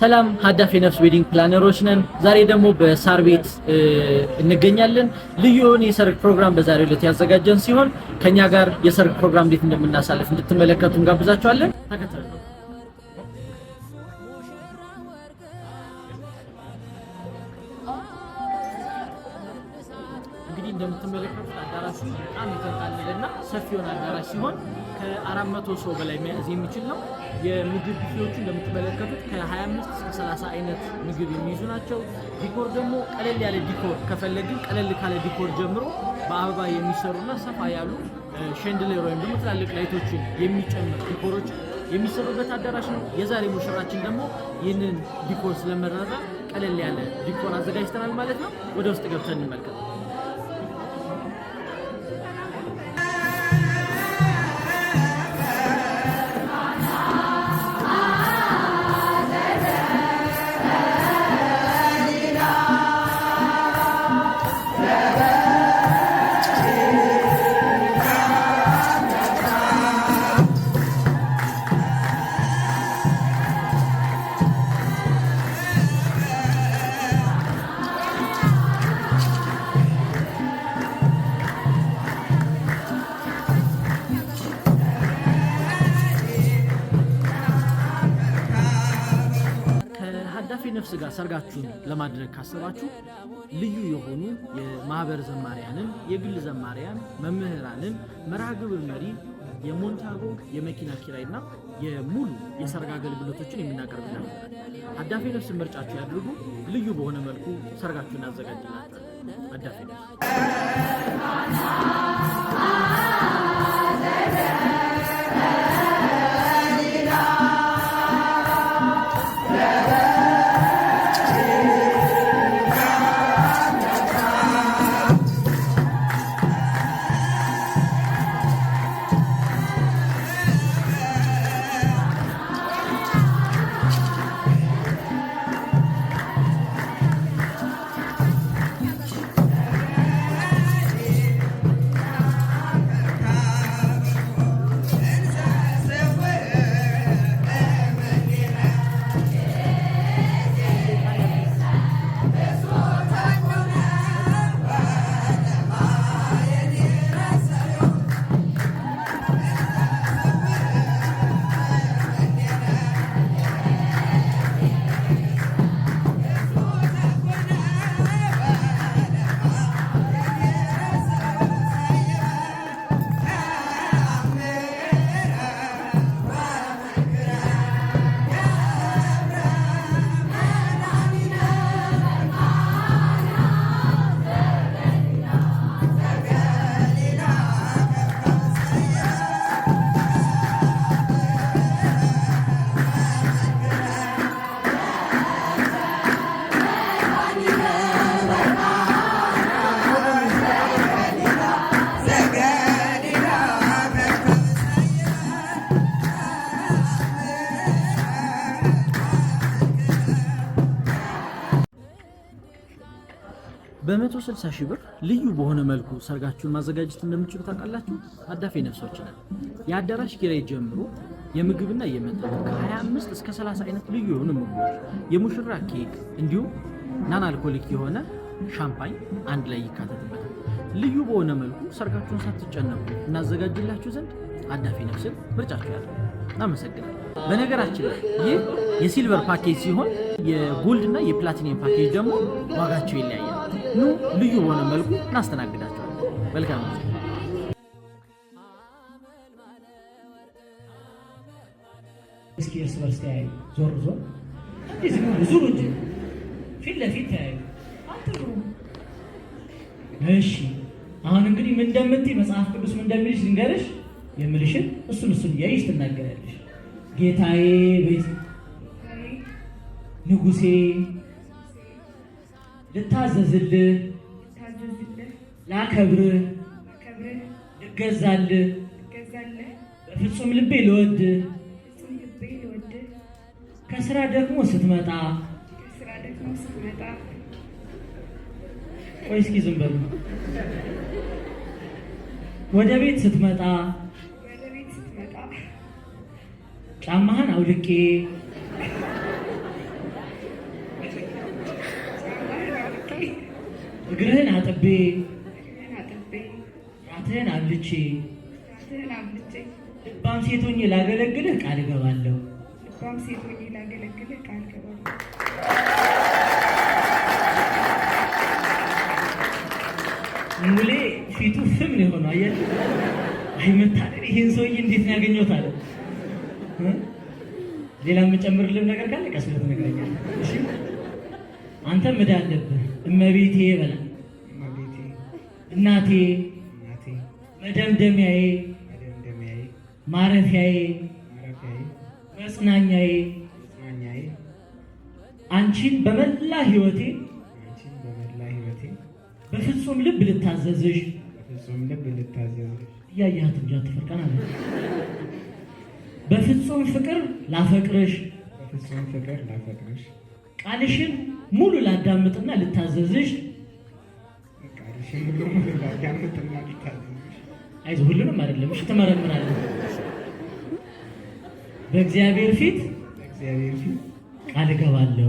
ሰላም ሀዳፍ የነፍስ ዌዲንግ ፕላነሮች ነን። ዛሬ ደግሞ በሳር ቤት እንገኛለን። ልዩ የሆነ የሰርግ ፕሮግራም በዛሬው ዕለት ያዘጋጀን ሲሆን ከኛ ጋር የሰርግ ፕሮግራም እንዴት እንደምናሳልፍ እንድትመለከቱ እንጋብዛችኋለን። ተከተሉ። እንግዲህ እንደምትመለከቱት አዳራሹ በጣም ሰፊ የሆነ አዳራሽ ሲሆን ከአራት መቶ ሰው በላይ መያዝ የሚችል ነው። የምግብ ቢፌዎቹ እንደምትመለከቱት ከ25 እስከ 30 አይነት ምግብ የሚይዙ ናቸው። ዲኮር ደግሞ ቀለል ያለ ዲኮር ከፈለግን ቀለል ካለ ዲኮር ጀምሮ በአበባ የሚሰሩና ሰፋ ያሉ ሸንድሌር ወይም ደግሞ ትላልቅ ላይቶችን የሚጨምር ዲኮሮች የሚሰሩበት አዳራሽ ነው። የዛሬ ሙሽራችን ደግሞ ይህንን ዲኮር ስለመረጠ ቀለል ያለ ዲኮር አዘጋጅተናል ማለት ነው። ወደ ውስጥ ገብተን እንመልከት። ሰርጋችሁን ለማድረግ ካሰባችሁ ልዩ የሆኑ የማህበር ዘማሪያንን፣ የግል ዘማሪያን፣ መምህራንን፣ መርሃ ግብር መሪ፣ የሞንታጎ የመኪና ኪራይና የሙሉ የሰርግ አገልግሎቶችን የምናቀርብ ነበር። አዳፌ ነፍስ ምርጫችሁ ያድርጉ። ልዩ በሆነ መልኩ ሰርጋችሁን ያዘጋጅላችሁ። አዳፌ ነፍስ በ160 ሺህ ብር ልዩ በሆነ መልኩ ሰርጋችሁን ማዘጋጀት እንደምችሉ ታውቃላችሁ። አዳፊ ነፍሶች ነን። የአዳራሽ ኪራይ ጀምሮ የምግብና የመጠጥ ከ25 እስከ 30 አይነት ልዩ የሆኑ ምግቦች፣ የሙሽራ ኬክ እንዲሁም ናን አልኮሊክ የሆነ ሻምፓኝ አንድ ላይ ይካተትበታል። ልዩ በሆነ መልኩ ሰርጋችሁን ሳትጨነቁ እናዘጋጅላችሁ ዘንድ አዳፊ ነፍስን ምርጫችሁ ያለ አመሰግናለሁ። በነገራችን ላይ ይህ የሲልቨር ፓኬጅ ሲሆን የጎልድ እና የፕላቲኒየም ፓኬጅ ደግሞ ዋጋቸው ይለያያል። ኑ ልዩ በሆነ መልኩ እናስተናግዳቸዋለን። መልካም እስኪ እርስ በርስ ተያዩ። ዞር ዞር እንጂ ፊት ለፊት ተያዩ። እሺ አሁን እንግዲህ ምን እንደምትይ መጽሐፍ ቅዱስ ምን እንደሚልሽ ልንገርሽ። የምልሽን እሱን እሱን ጌታዬ ቤት ንጉሴ ልታዘዝልህ፣ ላከብርህ፣ ልገዛልህ፣ በፍጹም ልቤ ልወድህ፣ ከስራ ደግሞ ስትመጣ ቆይ እስኪ ዝም በሉ። ወደ ቤት ስትመጣ ጫማህን አውልቄ እግርህን አጥቤ ራትህን አብልቼ ልባም ሴቶኝ ላገለግልህ ቃል እገባለሁ። ሙሌ ፊቱ ፍም ነው አያል አይመታል። ይህን መታደል! ሰውዬ እንዴት ነው ያገኘሁት ሌላ የምጨምርልህ ነገር ካለ ቀስ ብለህ ትነግረኛለህ። እሺ አንተም አለብህ እመቤቴ በላ እናቴ መደምደሚያዬ ማረፊያዬ መጽናኛዬ አንቺን በመላ ሕይወቴ በፍጹም ልብ ልታዘዝሽ እያየሃት እንጂ አትፈርቀን አለ በፍጹም ፍቅር ላፈቅርሽ ቃልሽን ሙሉ ላዳምጥና ልታዘዝሽ አይ ሁሉንም አይደለም። እሺ ትመረምራለህ። በእግዚአብሔር ፊት ቃል እገባለሁ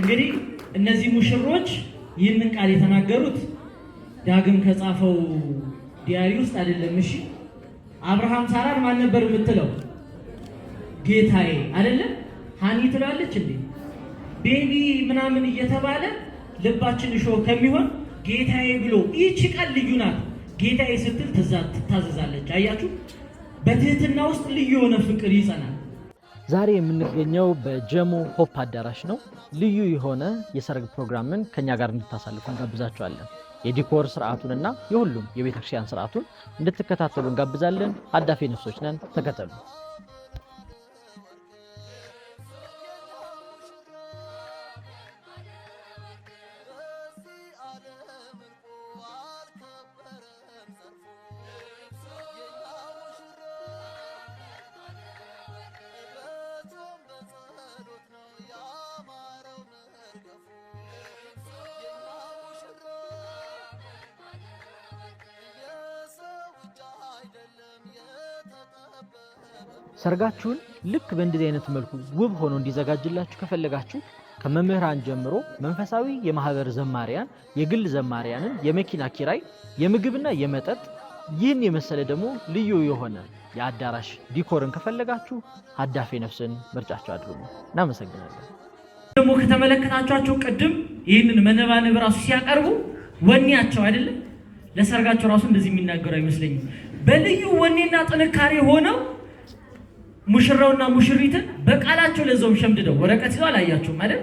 እንግዲህ እነዚህ ሙሽሮች ይህንን ቃል የተናገሩት ዳግም ከጻፈው ዲያሪ ውስጥ አይደለም። እሺ አብርሃም ሳራን ማን ነበር የምትለው? ጌታዬ አይደለም። ሃኒ ትላለች እንዴ? ቤቢ ምናምን እየተባለ ልባችን እሾ ከሚሆን ጌታዬ ብሎ ይቺ ቃል ልዩ ናት። ጌታዬ ስትል ትታዘዛለች። አያችሁ፣ በትህትና ውስጥ ልዩ የሆነ ፍቅር ይጸናል። ዛሬ የምንገኘው በጀሞ ሆፕ አዳራሽ ነው። ልዩ የሆነ የሰርግ ፕሮግራምን ከኛ ጋር እንድታሳልፉ እንጋብዛችኋለን። የዲኮር ስርዓቱን እና የሁሉም የቤተክርስቲያን ስርዓቱን እንድትከታተሉ እንጋብዛለን። አዳፊ ነፍሶች ነን፣ ተከተሉ። ሰርጋችሁን ልክ በእንደዚህ አይነት መልኩ ውብ ሆኖ እንዲዘጋጅላችሁ ከፈለጋችሁ ከመምህራን ጀምሮ መንፈሳዊ የማህበር ዘማሪያን፣ የግል ዘማሪያንን፣ የመኪና ኪራይ፣ የምግብና የመጠጥ ይህን የመሰለ ደግሞ ልዩ የሆነ የአዳራሽ ዲኮርን ከፈለጋችሁ ሀዳፌ ነፍስን ምርጫቸው አድርጉ። እናመሰግናለን። ደግሞ ከተመለከታችኋቸው ቅድም ይህንን መነባነብ ራሱ ሲያቀርቡ ወኔያቸው አይደለም ለሰርጋቸው ራሱ እንደዚህ የሚናገሩ አይመስለኝም። በልዩ ወኔና ጥንካሬ ሆነው ሙሽራውና ሙሽሪትን በቃላቸው ለዛውም ሸምድደው ወረቀት ይዘው ማለት